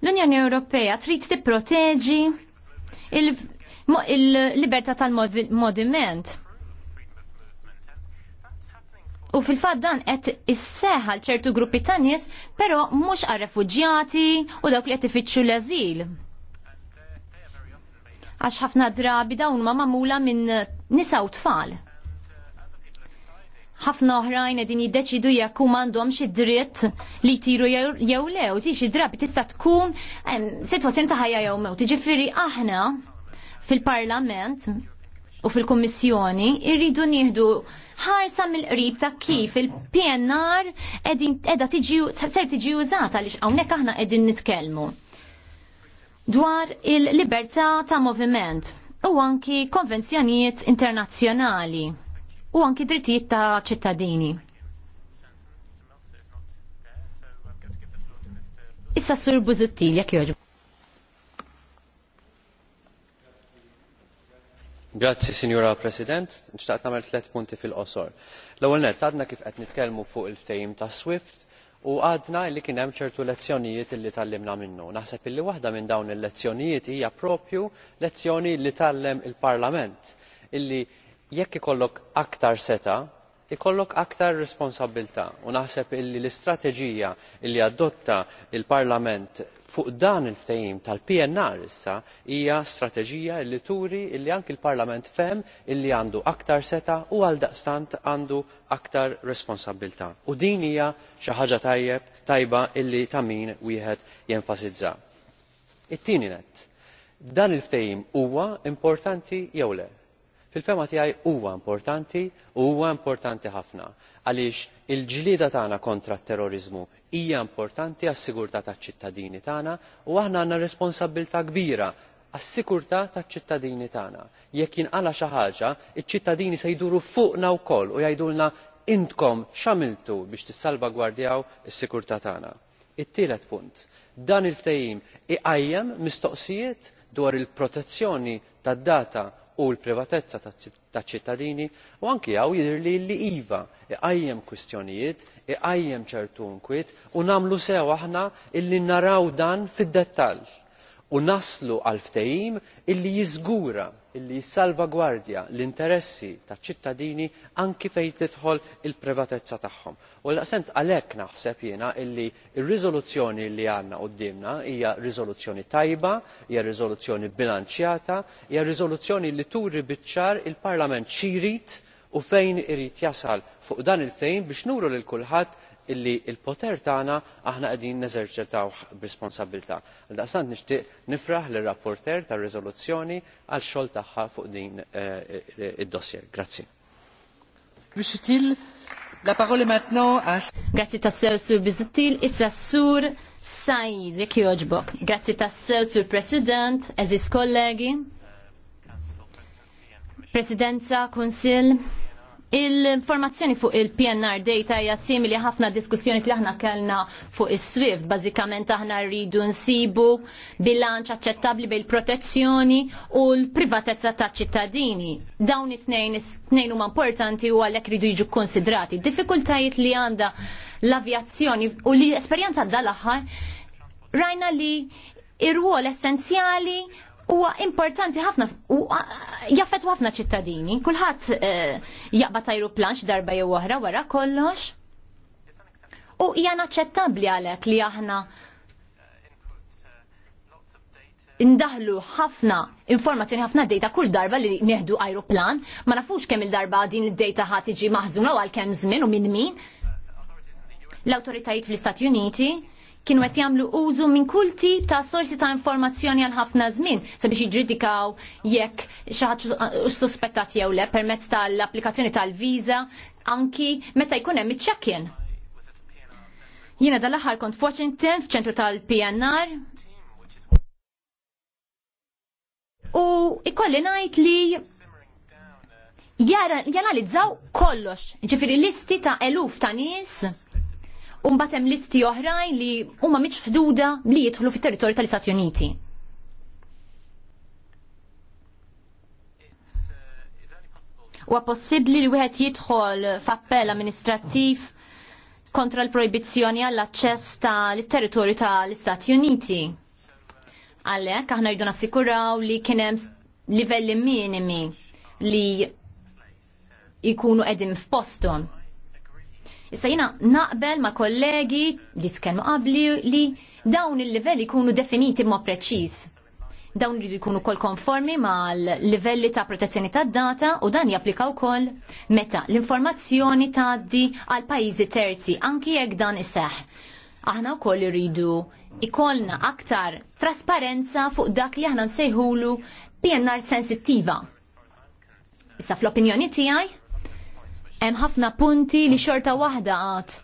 L-Unjoni Ewropea trid tipproteġi il-libertà tal-moviment. U fil-fatt dan qed isseħħal ċertu gruppi ta' nies, però mhux għar-refuġjati u dawk li qed ifittxu l ażil għax ħafna drabi dawn ma mamula minn nisa u tfal. ħafna oħrajn qegħdin jiddeċidu jekk huma għandhom xi dritt li jtiru jew lew, ti drabi tista' tkun sitwazzjoni ta' ħajja jew mewt. Ġifieri aħna fil-Parlament u fil-Kommissjoni irridu nieħdu ħarsa mill-qrib ta' kif il-PNR edha tiġi ser tiġi użata għaliex hawnhekk aħna qegħdin nitkellmu dwar il-libertà ta' moviment u anki konvenzjonijiet internazzjonali u anki drittijiet ta' ċittadini. Issa sur Buzuttil, jek joġu. Grazzi, Signora President. Nċtaqt namel tlet punti fil-qosor. L-ewwel għadna kif qed nitkellmu fuq il-ftehim ta' Swift, u għadna li kien hemm ċertu lezzjonijiet li tallimna minnu. Naħseb illi waħda minn dawn il-lezzjonijiet hija propju lezzjoni li tallem il-Parlament illi jekk ikollok aktar seta' ikollok aktar responsabbiltà u naħseb illi l-istrateġija li adotta l parlament fuq dan il ftehim tal pnr issa hija strateġija li turi li anki l parlament fehem illi għandu aktar seta' u għaldaqstant għandu aktar responsabbiltà u din hija xi ħaġa tajba illi ta' min wieħed jenfasizza. it tieni nett dan il ftehim huwa importanti jew le? Fil-fema tiegħi huwa importanti u huwa importanti ħafna għaliex il-ġlieda tagħna kontra t-terrorizmu hija importanti għas-sigurtà taċ-ċittadini tagħna u aħna għandna responsabbiltà kbira għas sigurtà taċ-ċittadini tagħna. Jekk jinqala xi ħaġa, iċ-ċittadini se jduru fuqna wkoll u jgħidulna intom x'għamiltu biex tissalvagwardjaw is sigurtà tagħna. It-tielet punt dan il ftehim iqajjem mistoqsijiet dwar il protezzjoni tad data u l-privatezza taċ-ċittadini u anke hawn jidhirli li iva iqajjem kwistjonijiet iqajjem ċertu inkwiet u nagħmlu sew aħna illi naraw dan fid-dettall u naslu għal ftehim illi jiżgura illi jissalvagwardja l-interessi taċ-ċittadini anki fejn tidħol il privatezza tagħhom. u l daqstant għalhekk naħseb jiena illi r-riżoluzzjoni li għandna qudiemna hija riżoluzzjoni tajba hija riżoluzzjoni bilanċjata, hija riżoluzzjoni li turi biċ-ċar il parlament xi jrid u fejn irid jasal fuq dan il ftehim biex nuru lil kulħadd illi il poter tagħna aħna qegħdin neżerċitawh b'responsabbiltà. Għaldaqstant nixtieq nifraħ lir-rapporter tar-riżoluzzjoni għal xogħol tagħha fuq din eh, id-dossier. Grazzi. Grazzi tassew sur Bizzittil, issa sur Sajd, jek oġbo. Grazzi tassew sur President, eżis kollegi, Presidenza, Konsil. Il-informazzjoni fuq il-PNR data hija simili ħafna diskussjoni li aħna kellna fuq is-Swift. Bażikament aħna rridu nsibu bilanċ aċċettabbli bejn protezzjoni u l-privatezza taċ ċittadini. Dawn it-tnejn huma importanti u għalhekk ridu jiġu konsidrati. Diffikultajiet li għandha l-avjazzjoni u li esperjenza dal-aħħar rajna li ir ruol essenzjali huwa importanti ħafna u jaffet ħafna ċittadini, kulħadd e, jaqbad ajruplan xi darba jew oħra wara kollox. U hija naċċettabbli għalhekk li aħna indaħlu ħafna informazzjoni ħafna data kull darba li neħdu ajruplan, ma nafux kemm il-darba din id-data ħadd iġi maħżuna għal kemm żmien u minn min. L-awtoritajiet fl-Istati Uniti kienu qed jagħmlu użu minn kull tip ta' sorsi ta' informazzjoni għal ħafna żmien sabiex jiġġudikaw jekk xi ħadd suspettat jew le permezz tal-applikazzjoni tal-viża anki meta jkun hemm iċ-check-in. Jiena dal-aħħar kont f'Washington f'ċentru tal-PNR U ikolli najt li janalizzaw kollox, ġifiri listi ta' eluf ta' nis u mbagħad hemm listi oħrajn li huma mhix ħduda li jidħlu fit-territorju tal-Istati Uniti. Huwa possibbli li wieħed jidħol f'appell amministrattiv kontra l-proibizzjoni għall-aċċess tal-territorju tal-Istati Uniti. Għalhekk aħna rridu nassikuraw li kien hemm livelli minimi li jkunu qegħdin f'posthom Issa jina naqbel ma kollegi li tkellmu qabli li dawn il-livelli jkunu definiti ma preċiż. Dawn li jkunu kol konformi ma l-livelli ta' protezzjoni ta' data u dan japplika wkoll meta l-informazzjoni tgħaddi għal pajjiżi terzi anki jekk dan iseħħ. Aħna wkoll iridu ikollna aktar trasparenza fuq dak li aħna nsejħulu PNR sensittiva. Issa fl-opinjoni tiegħi Hemm ħafna punti li xorta waħda għad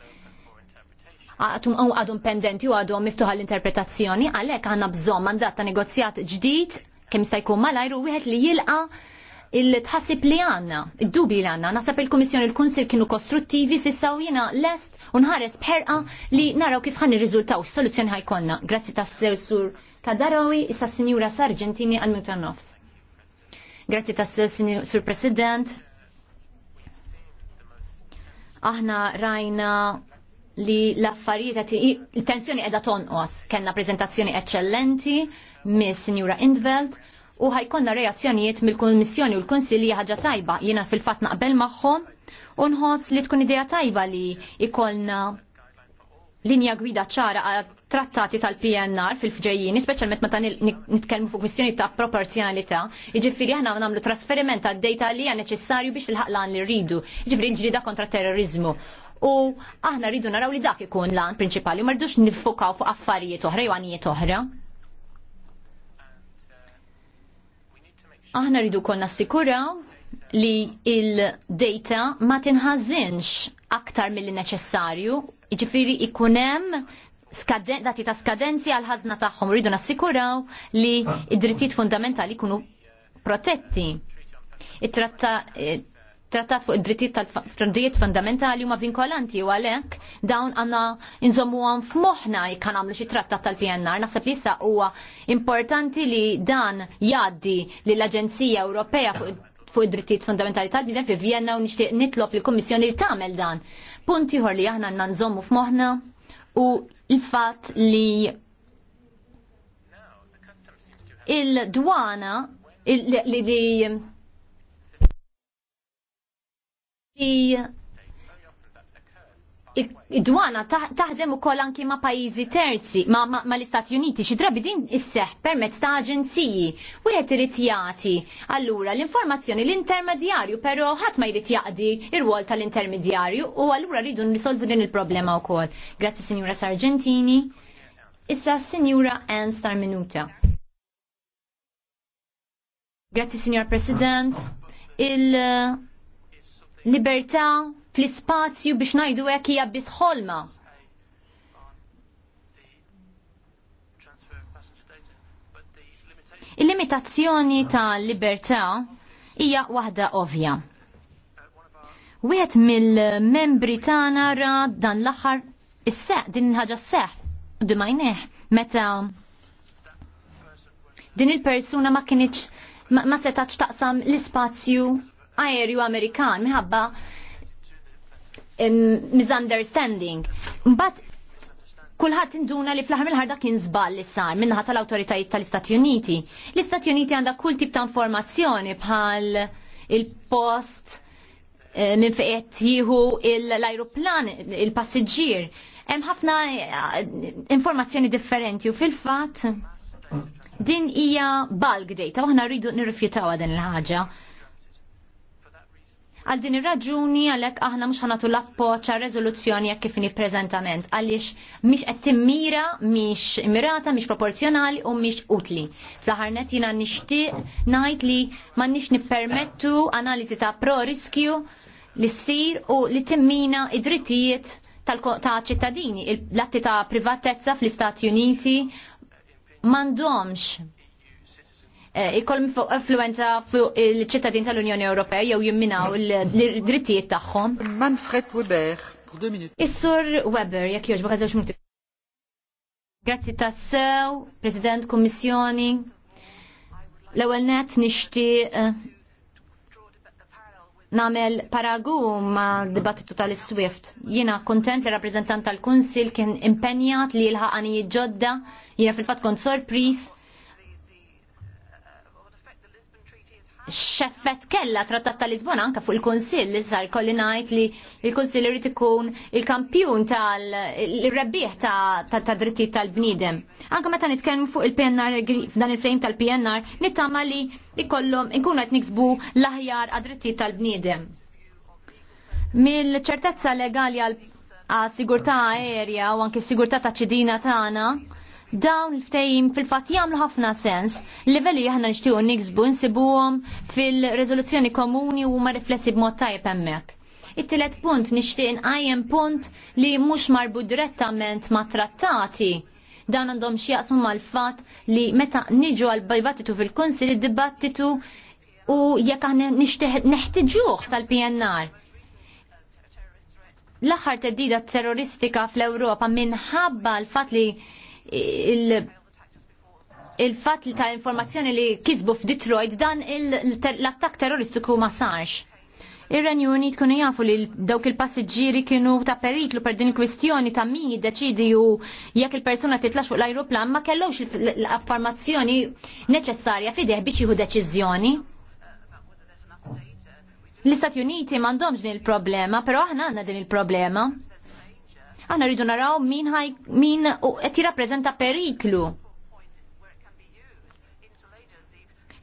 għatum għu għadhom pendenti u għadhom miftuħa l-interpretazzjoni, għalek għanna bżom mandat ta' negozjat ġdid, kemm sta' jkun malajru wieħed li jilqa il-tħassib li għanna, id-dubi li għanna, nasab il-Komissjoni il-Kunsil kienu kostruttivi, sissa u jina lest unħares bħerqa li naraw kif għanni rizultaw, soluzzjoni ħajkonna. Grazzi ta' s-sur ta' Darawi, issa s-Sinjura Sargentini għal-Minuta Nofs. Grazzi ta' s-Sur President, aħna rajna li l-affarijiet il-tensjoni qiegħda tonqos. kena preżentazzjoni eċċellenti mis Signora Indveld u ħajkonna reazzjonijiet mill-Kummissjoni u l-Kunsilli ħaġa tajba jiena fil-fatt naqbel magħhom u nħoss li tkun idea tajba li ikolna linja gwida ċara għal trattati tal-PNR fil-fġejjini, speċjalment meta nitkellmu fuq missjoni ta' proporzjonalità, jiġifieri aħna nagħmlu trasferiment ta' data li hija neċessarju biex il-ħaqlan li rridu, jiġifieri ġrida kontra terrorizmu. U aħna rridu naraw li dak ikun lan prinċipali u marridux nifukaw fuq affarijiet oħra jew għanijiet oħra. Aħna rridu konna assikuraw li il-data ma tinħazinx aktar mill-neċessarju, ġifiri ikunem dati ta' skadenzi għal ħażna tagħhom rridu nassikuraw li ah. id-drittijiet fundamentali jkunu protetti. It-trattat fuq id-drittijiet fundamentali huma vinkolanti u għalhekk dawn għandna inżommuhom f'moħħna jekk nagħmlu xi trattat tal-PNR. Naħseb issa huwa importanti li dan jgħaddi l aġenzija Ewropea fuq id-drittijiet fundamentali tal-bnedem fi Vienna u nixtieq nitlob lill kummissjoni li tagħmel dan. Punti ħor li aħna għandna nżommu f'moħħna u il-fat li il-dwana li li id-dwana taħdem ukoll anki ma' pajjiżi terzi, ma', ma, ma l-Istati Uniti, xi drabi din isseħ permezz ta' aġenziji. Wieħed irid jagħti allura l-informazzjoni l-intermedjarju, però ħadd ma jrid jaqdi ir wol tal-intermedjarju u allura rridu nrisolvu din il-problema wkoll. Grazzi Signora Sargentini. Issa Sinjura Ann Starminuta. Grazie, Grazzi President. Il-libertà eh, fl-ispazju biex najdu hekk hija biss ħolma. Il-limitazzjoni ta' libertà hija waħda ovvja. Wieħed mill-membri tagħna ra dan l-aħħar is-seħ din il-ħaġa seħ dimajneħ meta din il-persuna ma kienx ma setax taqsam l-ispazju aerju Amerikan minħabba misunderstanding. Mbagħad kulħadd induna li fl-aħħar mill ħarda kien żball li sar minnaħa tal-awtoritajiet tal-Istati Uniti. L-Istati Uniti għandha kull tip ta' informazzjoni bħal il-post eh, minn fejqet jieħu l-ajruplan, il-passiġġier. Hemm ħafna eh, informazzjoni differenti u fil-fatt din hija bulk data u aħna rridu nirrifjutawha din il-ħaġa. Għal din ir-raġuni għalhekk aħna mhux ħanatu l-appoġġ għal reżoluzzjoni jekk kif preżentament għaliex mhix qed timmira mhix immirata, mhix proporzjonali u mhix utli. Fl-aħħar net jiena nixtieq ngħid li m'għandniex nippermettu analiżi ta' pro riskju li ssir u li timmina id-drittijiet ta' ċittadini, l-atti ta' privatezza fl-Istati Uniti mandomx Eh, ikollhom influenza fuq il-ċittadin tal-Unjoni Ewropea jew jimminaw l-drittijiet tagħhom. Manfred Weber, pour minuti. Is-sur Weber, jekk jogħġbok għażewġ minuti. Grazzi tassew, President Kommissjoni. L-ewwel net nixtieq eh, namel paragu ma dibattitu tal-Swift. Jiena kontent li rappresentant tal-Kunsil kien impenjat li l-ħaqani ġodda, jiena fil-fat kont sorpris xeffet kella trattat ta' Lisbona anka fuq il konsil li sar kolli ngħid li il konsil irid ikun il-kampjun tal-rebbieħ ta' drittijiet tal-bniedem. Anka meta nitkellmu fuq il-PNR f'dan il-frame tal-PNR nittama li ikollhom ikunu qed niksbu l-aħjar għad-drittijiet tal-bniedem. Mill-ċertezza legali għal sigurtà aerja u anke sigurtà ta' ċidina tagħna, dawn il-ftejim fil-fat jagħmlu ħafna sens. Livelli li aħna nixtiequ niksbu nsibuhom fil-riżoluzzjoni komuni u ma riflessi b'mod tajjeb hemmhekk. It-tielet punt nixtieq nqajjem punt li mhux marbu direttament ma' trattati dan għandhom xi jaqsmu mal-fatt li meta niġu għal bajbattitu fil-Kunsil id-dibattitu u jekk aħna neħtiġuh tal-PNR. L-aħħar teddida terroristika fl-Ewropa minħabba l-fatt li il- il-fat li ta' informazzjoni li kisbu f'Detroit dan l-attak terroristiku ma sarx. Ir-Renju Unit kunu jafu li dawk il-passiġġieri kienu ta' periklu per din il kwistjoni ta' min jiddeċidi u jekk il-persuna titlax fuq l-ajruplan ma kellux l-affarmazzjoni neċessarja fideh biex jieħu deċiżjoni. L-Istati Uniti m'għandhomx din il-problema, però aħna għandna din il-problema. Aħna rridu naraw min ħaj min qed jirrappreżenta periklu.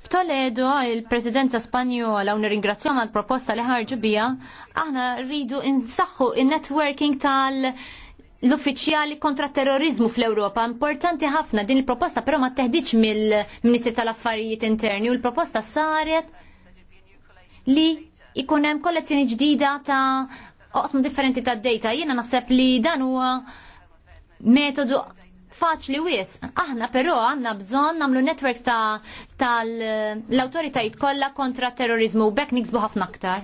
F'Toledo il-Presidenza Spanjola u ringrazzjom għal proposta li ħarġu bija, aħna rridu insaħħu il networking tal- l-uffiċjali kontra terrorizmu fl-Europa importanti ħafna din il-proposta però ma teħdiċ mill-Ministri tal-Affarijiet Interni u l-proposta saret li ikun hemm kollezzjoni ġdida ta' oqsma differenti ta' data jiena naħseb li dan huwa metodu faċli wis. Aħna però għandna bżonn nagħmlu netwerk ta' tal-awtoritajiet kollha kontra terrorizmu u bekk niksbu ħafna aktar.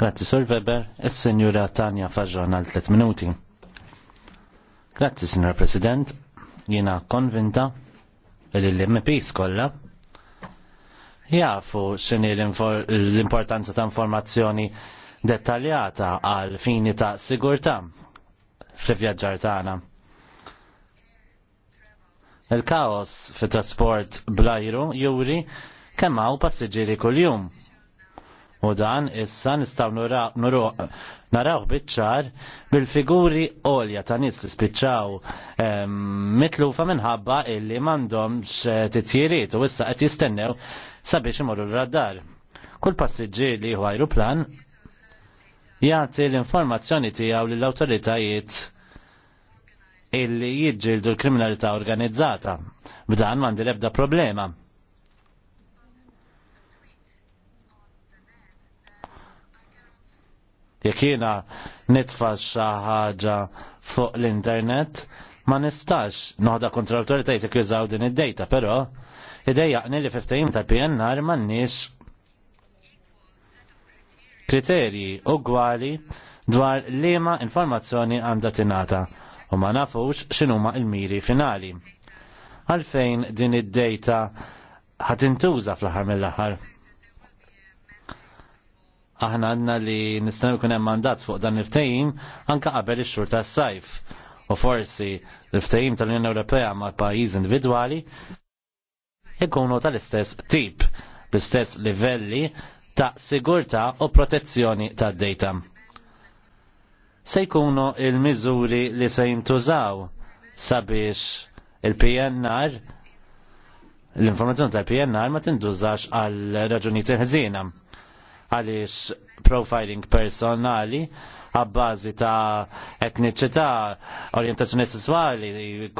Grazzi Sur Weber, is senjura Tanja Faġon għal 3 minuti. Grazzi Sinjura President, jiena konvinta li l-MPs kollha jafu x'inhi l-importanza ta' informazzjoni dettaljata għal fini ta' sigurtà fl-vjaġġar tagħna. Il-kaos fit trasport blajru juri kemm hawn passiġġieri kuljum. U dan issa nistgħu narawh biċ-ċar bil-figuri għolja ta' nies li spiċċaw ehm, mitlufa minħabba illi m'għandhomx eh, titjiriet u issa qed jistennew sabiex imorru l-raddar. Kull passiġġier li jieħu ajruplan jagħti l-informazzjoni tiegħu lill awtoritajiet illi jiġġieldu l-kriminalità organizzata. B'dan m'għandi l-ebda problema. jekk jiena nitfa' xi ħaġa fuq l-internet, ma nistax noħda kontra l-autoritajiet jekk jużaw din id-dejta, però idejjaqni li 15 tal-PNR m'għandniex kriterji ugwali dwar liema informazzjoni għandha tingħata u ma nafux x'inhuma l-miri finali. Għalfejn din id-data ħat intuża fl-aħħar mill-aħħar. Aħna għandna li nistennew ikun hemm mandat fuq dan il-ftehim anke qabel ix-xhur tas-sajf u forsi l-ftehim tal-Unjoni Ewropea ma' pajjiż individwali ikunu tal-istess tip bl-istess livelli ta' sigurtà u protezzjoni tad dejta Se jkunu il-miżuri li se jintużaw sabiex il-PNR l-informazzjoni tal-PNR ma tintużax għal raġuni ħżiena għaliex profiling personali għabbażi ta' etniċità, orientazzjoni sessuali,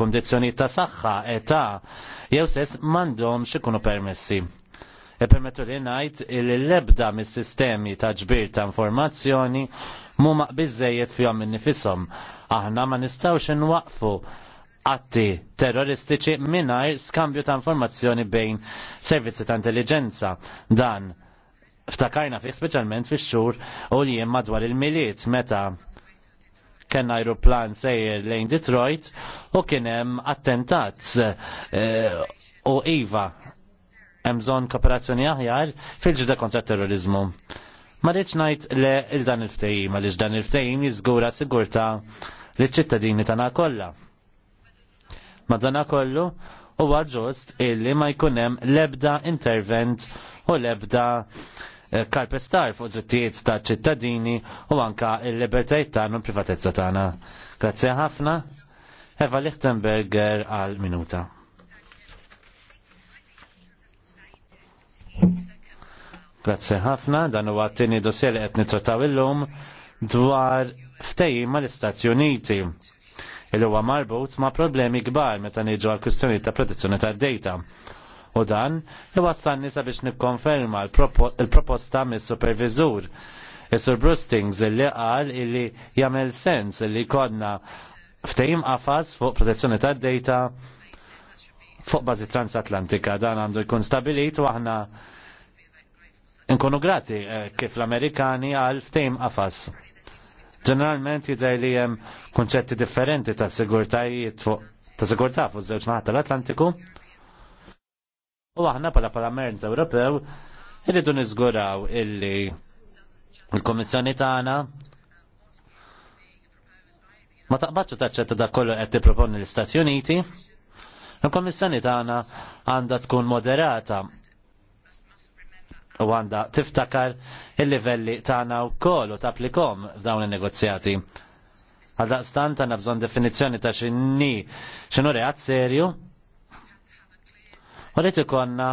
kondizjoni ta' saħħa, età, jew sess mandom x'ikunu permessi e permettu li ngħid li l-ebda mis-sistemi ta' ġbir ta' informazzjoni mhuma biżejjed fihom nifisom. Aħna ma nistgħux inwaqfu atti terroristiċi mingħajr skambju ta' informazzjoni bejn servizzi ta' intelligenza. Dan ftakajna fih speċjalment fix-xhur u li hemm madwar il-miliet meta kien aeroplan sejjer lejn Detroit u kien hemm attentat e, u Iva hemm bżonn kooperazzjoni aħjar fil ġda kontra terrorizmu. Ma rridx ngħid le il dan il-ftehim, għaliex dan il-ftehim jiżgura sigurtà li ċittadini tagħna kollha. Madana kollu huwa ġust illi ma jkun hemm l-ebda intervent u l-ebda eh, karpestar fuq drittijiet ta' ċittadini u anka l-libertajiet tagħna u privatezza tagħna. Grazzi ħafna. Eva Lichtenberger għal minuta. Grazzi ħafna, dan huwa t-tieni dossier li qed nittrattaw illum dwar ftehim mal-Istati Uniti il huwa marbut ma' problemi kbar meta niġu għal kwistjoni ta' protezzjoni ta' data. U dan iwassalni sabiex nikkonferma l-proposta mis supervizur Is-Sur Brustings illi qal illi jagħmel sens illi kodna ftehim qafas fuq protezzjoni ta' data fuq bażi transatlantika dan għandu jkun stabilit u aħna nkunu grati eh, kif l-Amerikani għal ftejm qafas. Ġeneralment jidher li hemm kunċetti differenti ta' sigurtajiet fuq ta' sigurtà fuq żewġ naħat tal-Atlantiku. U aħna pala Parlament Ewropew irridu niżguraw illi il-Kommissjoni tagħna ma taqbadx taċċetta da kollu qed tipproponi l-Istati Uniti Il-Kommissjoni tagħna għandha tkun moderata u għandha tiftakar il-livelli tagħna wkoll u taplikom f'dawn in-negozjati. Għaldaqstant għandna bżonn definizzjoni ta' xinni x'inhu reat serju. U rrid ikonna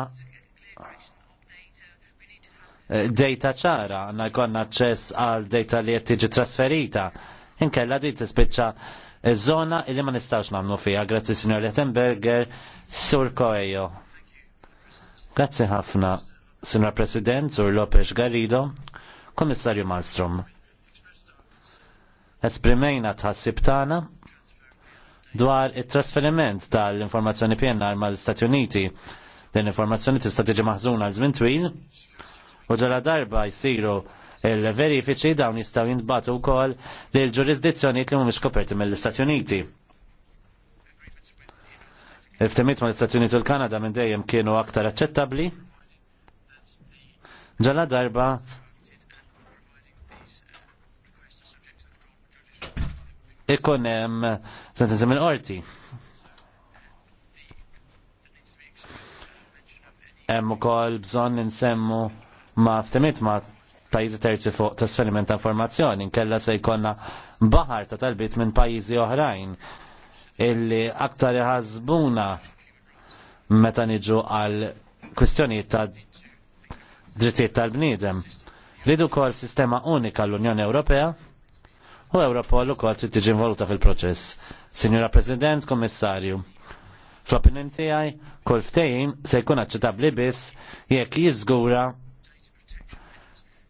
eh, data ċara, għandna jkollna aċċess għal data li qed tiġi trasferita. Inkella din tispiċċa Zona illi ma nistawx namlu fija, grazzi Signor Lettenberger, Sur Koejo. Grazzi ħafna, Signor President, Sur Lopez Garrido, Komissarju Malmstrom. Esprimejna tħassib tagħna dwar it-trasferiment tal-informazzjoni PNR mal-Stati Uniti. Din informazzjoni tista' tiġi maħżuna għal żmien twil u ġara darba jsiru il-verifiċi dawn jistgħu jintbatu wkoll lil ġurisdizzjoni li mhumiex koperti mill-Istati Uniti. Il-ftemiet mal istati Uniti u l-Kanada minn dejjem kienu aktar aċċettabbli. Ġala darba ikun hemm sentenza minn qorti. Hemm ukoll bżonn insemmu ma' ftemiet ma' pajjiżi terzi fuq trasferiment ta' informazzjoni, nkella se jkollna baħar ta' talbiet minn pajjiżi oħrajn illi aktar iħazbuna meta niġu għal kwistjonijiet ta' drittijiet tal-bniedem. Ridu kol sistema unika l-Unjoni Ewropea u Europol ukoll trid tiġi involuta fil-proċess. Sinjura President, Kommissarju, fl-opinjoni tiegħi kull ftehim se jkun aċċettabbli biss jekk jiżgura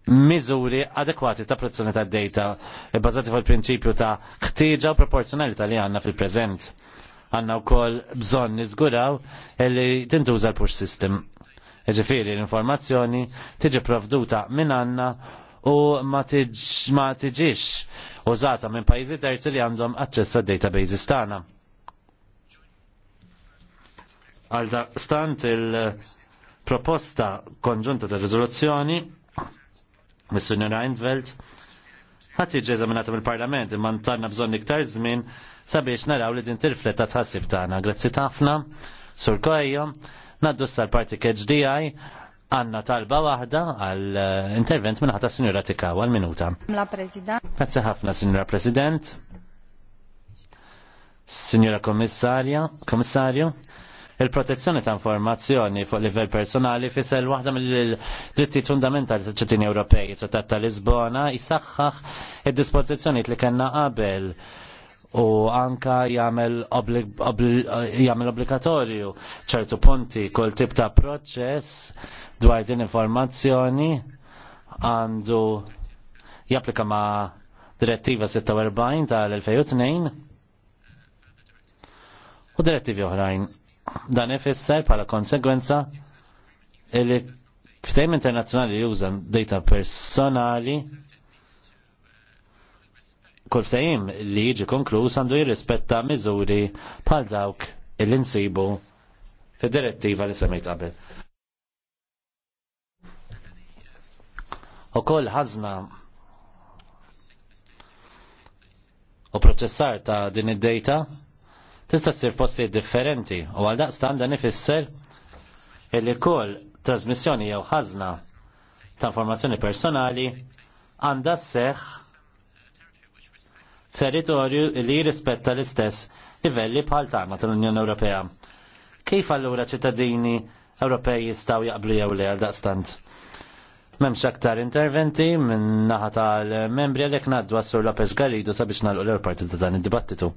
miżuri adekwati ta' protezzjoni ta' data bbażati e fuq il-prinċipju ta' ħtieġa u proporzjonalità li għandna fil-preżent. Għandna wkoll bżonn niżguraw li tintuża l-push system. Ġifieri l-informazzjoni tiġi provduta minn għandna u ma tiġix użata minn pajjiżi terzi li għandhom aċċess għad databases tagħna. Għal stant il- proposta konġunta ta' rizoluzzjoni Mis-Sunjor Eindveld, ħat iġi eżaminata mill-Parlament imma tanna bżonn iktar żmien sabiex naraw li din tirfletta tħassib tagħna. Grazzi tafna, sur kojjo, naddu sal-parti KHDI għanna talba waħda għal eh, intervent minn ħata sinjura Tikaw għal minuta. La President. Grazzi ħafna sinjura President. Sinjura Komissarja, Komissarju. Il-protezzjoni ta' informazzjoni fuq livell personali fisel waħda mill-dritti fundamentali ta' ċittini Ewropej. Trattat ta' Lisbona jisaxħax id-dispożizzjoni li kellna qabel u anka jagħmel obbligatorju ċertu punti kull tip ta' proċess dwar din informazzjoni għandu japplika ma' direttiva 46 tal-2002 u direttivi oħrajn. Dan ifisser bħala konsegwenza li ftejm internazzjonali juża data personali kull ftejm li jiġi konkluż għandu jirrispetta miżuri bħal dawk il-insibu fid-direttiva li semmejt qabel. u koll ħazna u proċessar ta' din id-data tista' ssir postijiet differenti u għal daqstan dan ifisser illi kull trasmissjoni jew ħażna ta' informazzjoni personali għandha sseħħ territorju li jirrispetta l-istess livelli bħal tagħna tal-Unjoni Ewropea. Kif allura ċittadini Ewropej jistgħu jaqblu jew le għal daqstant? aktar interventi minn naħa tal-membri għalhekk ngħaddu għas-Sur Lopez Galido sabiex nagħlqu l-parti ta' dan id-dibattitu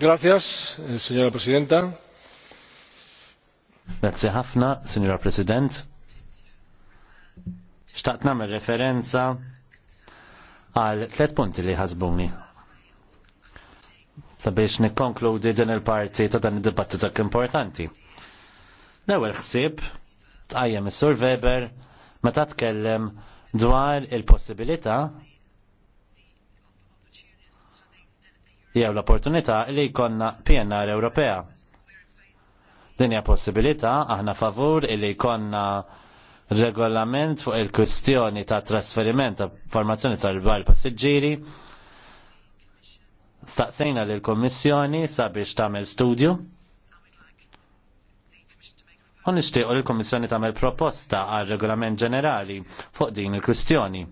signora Presidenta. Grazie ħafna, signora President. Xtaqt nagħmel referenza għal tliet punti li ħasbuni. Sabiex nikkonkludi din il-parti ta' dan id-dibattitu tak importanti. L-ewwel ħsieb tqajjem is-Sur Weber meta tkellem dwar il-possibilità jew l-opportunità li jkollna PNR Ewropea. Din hija possibilità aħna favur li jkollna regolament fuq il-kwistjoni ta' trasferiment ta' formazzjoni tal-bar passiġġieri. Staqsejna lill kommissjoni sabiex tagħmel studju. U nixtiequ lill kommissjoni tagħmel proposta għal regolament ġenerali fuq din il-kwistjoni.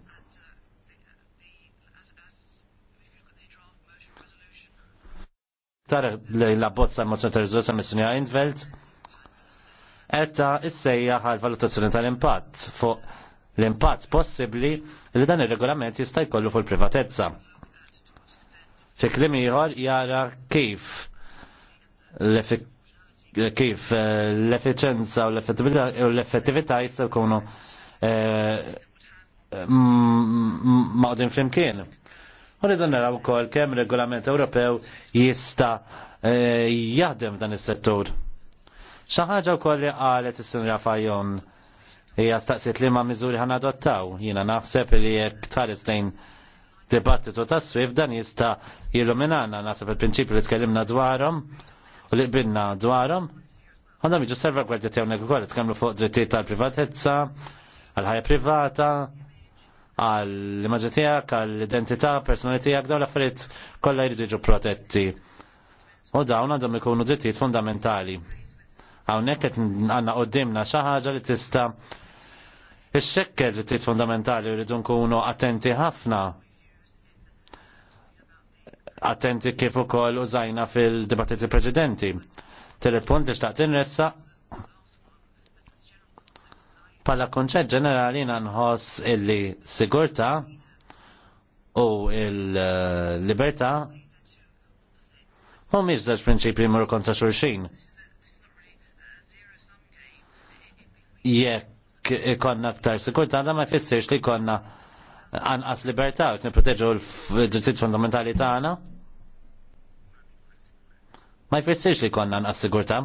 tara la bozza mozzjoni tal riżoluzzja mis-Sinja Einfeld etta issejja għal valutazzjoni tal-impatt fuq l-impatt possibbli li dan ir-regolament jista' jkollu fuq il-privatezza. Fi kliem ieħor jara kif kif eh, l-efficienza u l-effettività jista' jkunu eh, maqdin flimkien. Rridu naraw kol kemm regolament Ewropew jista' eh, jaħdem dan is-settur. Xaħġa ħaġa wkoll li qalet is-Sinra Fajon hija staqsiet li ma' miżuri ħan adottaw. Jiena naħseb li jekk tħares lejn dibattitu ta' swif dan jista' jilluminana naħseb il-prinċipju li tkellimna dwarhom u li qbilna dwarhom. Għandhom jiġu serva gwardja tiegħu ukoll tkellmu fuq drittijiet tal-privatezza, għal ħajja privata, għall-immaġi tiegħek, għall-identità personali tiegħek, dawn l-affarijiet kollha jridu protetti. U dawn għandhom ikunu drittijiet fundamentali. Hawnhekk qed għandna qudiemna xi ħaġa li tista' il-xekker drittijiet fundamentali jridu nkunu attenti ħafna attenti kif ukoll użajna fil-dibattiti preċedenti. Telet punt li xtaqt inressa Pala konċert ġenerali nħoss illi sigurta u il-liberta u miex zaċ prinċipi mur kontra xurxin. Jekk ikonna aktar sigurta, da ma jfissirx li konna anqas libertà, u niproteġu l-drittijiet fundamentali tagħna. Ma jfissirx li konna għanqas sigurta.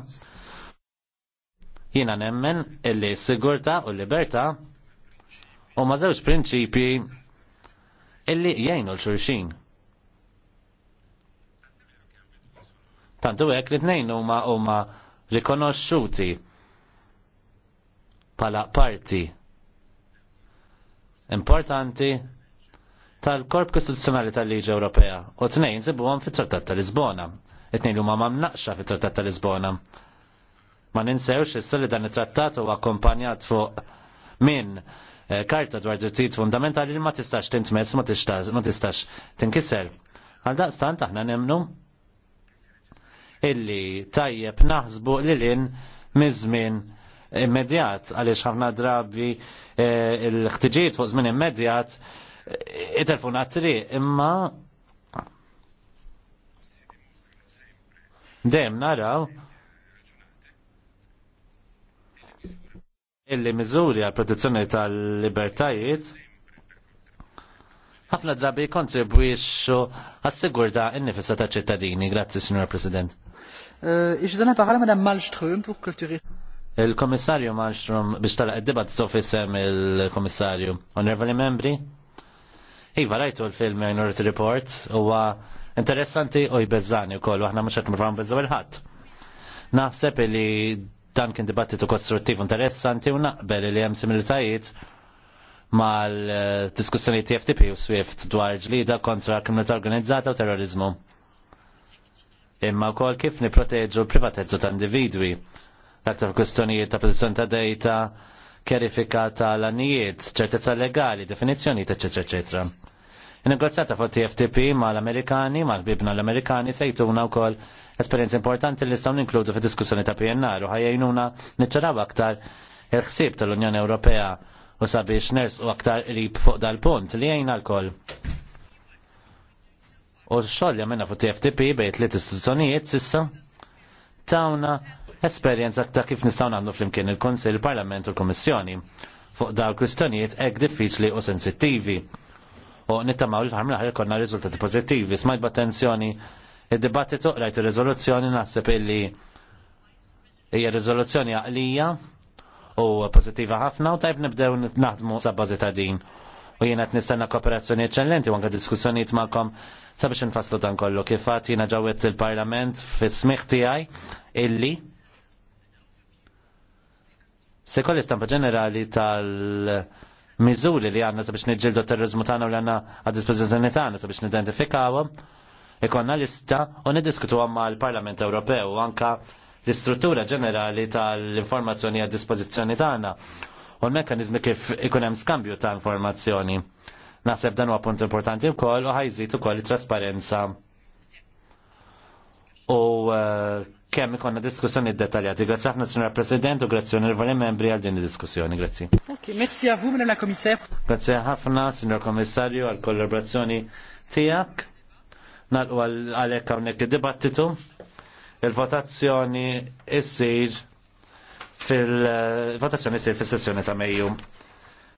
Jiena nemmen illi s-sigurtà u l-libertà huma żewġ prinċipji illi jgħinu l-xulxin. Tantu hekk li tnejn huma huma rikonoxxuti pala parti importanti tal-Korp Kostituzzjonali tal-Liġi Ewropea u tnejn sibuhom fit-Trattat tal-Lisbona. It-tnejn huma mamnaqxa fit-Trattat tal-Lisbona. Ma ninsewx is soli dan it-trattat huwa akkompanjat fuq minn eh, karta dwar drittijiet fundamentali li ma tistax tintmess, ma tistax tinkisser. Għal daqstant aħna nemnu illi tajjeb naħsbu lilin mizmin immedjat għaliex ħafna drabi eh, l-ħtiġijiet fuq żmien immedjat eh, it-telfun għattri imma Dem naraw illi miżuri għal protezzjoni tal-libertajiet ħafna drabi kontribwixxu għas-sigurtà innifissa ta' ċittadini. Grazzi, Signor President. Iġdana eh, paħala madam Malmström pour clôturer. Il-Komissarju Malmström biex talaq id t fissem il-Komissarju. Onorevoli membri, Iva, rajtu l-film Minority Report huwa interessanti u jbeżani wkoll, aħna mhux qed nirfgħu nbeżgħu il ħat Naħseb li Dan kien dibattitu kostruttiv interessanti u naqbel li hemm similitajiet mal-diskussjoni TFTP u Swift dwar ġlida kontra kriminalità organizzata u terrorizmu. Imma wkoll kif niproteġu l-privatezzu ta' individwi. L-aktar kwestjonijiet ta' pozizjoni ta' data, kerifika ta' l-anijiet, ċertezza legali, definizjoni, eccetera, eccetera. Il-negozjata fuq TFTP mal-Amerikani, mal-bibna l-Amerikani sejtuna wkoll esperienza importanti li nistgħu ninkludu fid-diskussjoni ta' PNR u ħajjejnuna niċċaraw aktar il-ħsieb tal-Unjoni Ewropea u sabiex ners u aktar rib fuq dal-punt li jgħin għal-koll. U xoll jamenna fuq TFTP bejt tliet istituzzjonijiet sissa tawna esperjenza ta' kif nistgħu nagħmlu flimkien il-Kunsill, il-Parlament u l-Kummissjoni fuq dawn kwistjonijiet hekk diffiċli u sensittivi. U nittamaw l-ħarm l-ħar konna riżultati pożittivi, smajt b'attenzjoni il dibattitu rajt ir-riżoluzzjoni naħseb illi hija riżoluzzjoni għaqlija u pożittiva ħafna u tajb nibdew naħdmu sa bazi ta' din. U jiena qed nistenna kooperazzjoni eċċellenti u anke diskussjonijiet sa' sabiex nfaslu dan kollu. Kif Kifat jiena ġawet il-Parlament fis-smigħ tiegħi illi Se koll istampa ġenerali tal- miżuri li għanna sabiex nġildu terrorizmu tagħna u li għanna għad dispożizzjoni tagħna sabiex nidentifikawhom ikonna lista u nidiskutu għamma l-Parlament Ewropew u anka l-istruttura ġenerali tal-informazzjoni għad dispożizzjoni tagħna u l-mekkanizmi kif ikun hemm skambju ta' informazzjoni. Naħseb dan huwa punt importanti wkoll u ħajżid ukoll it-trasparenza u eh, kemm ikonna diskussjoni dettaljati. Grazzi ħafna Sinjor President u grazzi onorevoli membri għal din id-diskussjoni. Grazzi. Merci a vous, Madame la Commissaire. Grazzi ħafna Sinjor Kommissarju għal kollaborazzjoni tiegħek nalqu għalhekk hawnhekk id-dibattitu. Il-votazzjoni issir fil-votazzjoni issir fis-sessjoni ta' Mejju.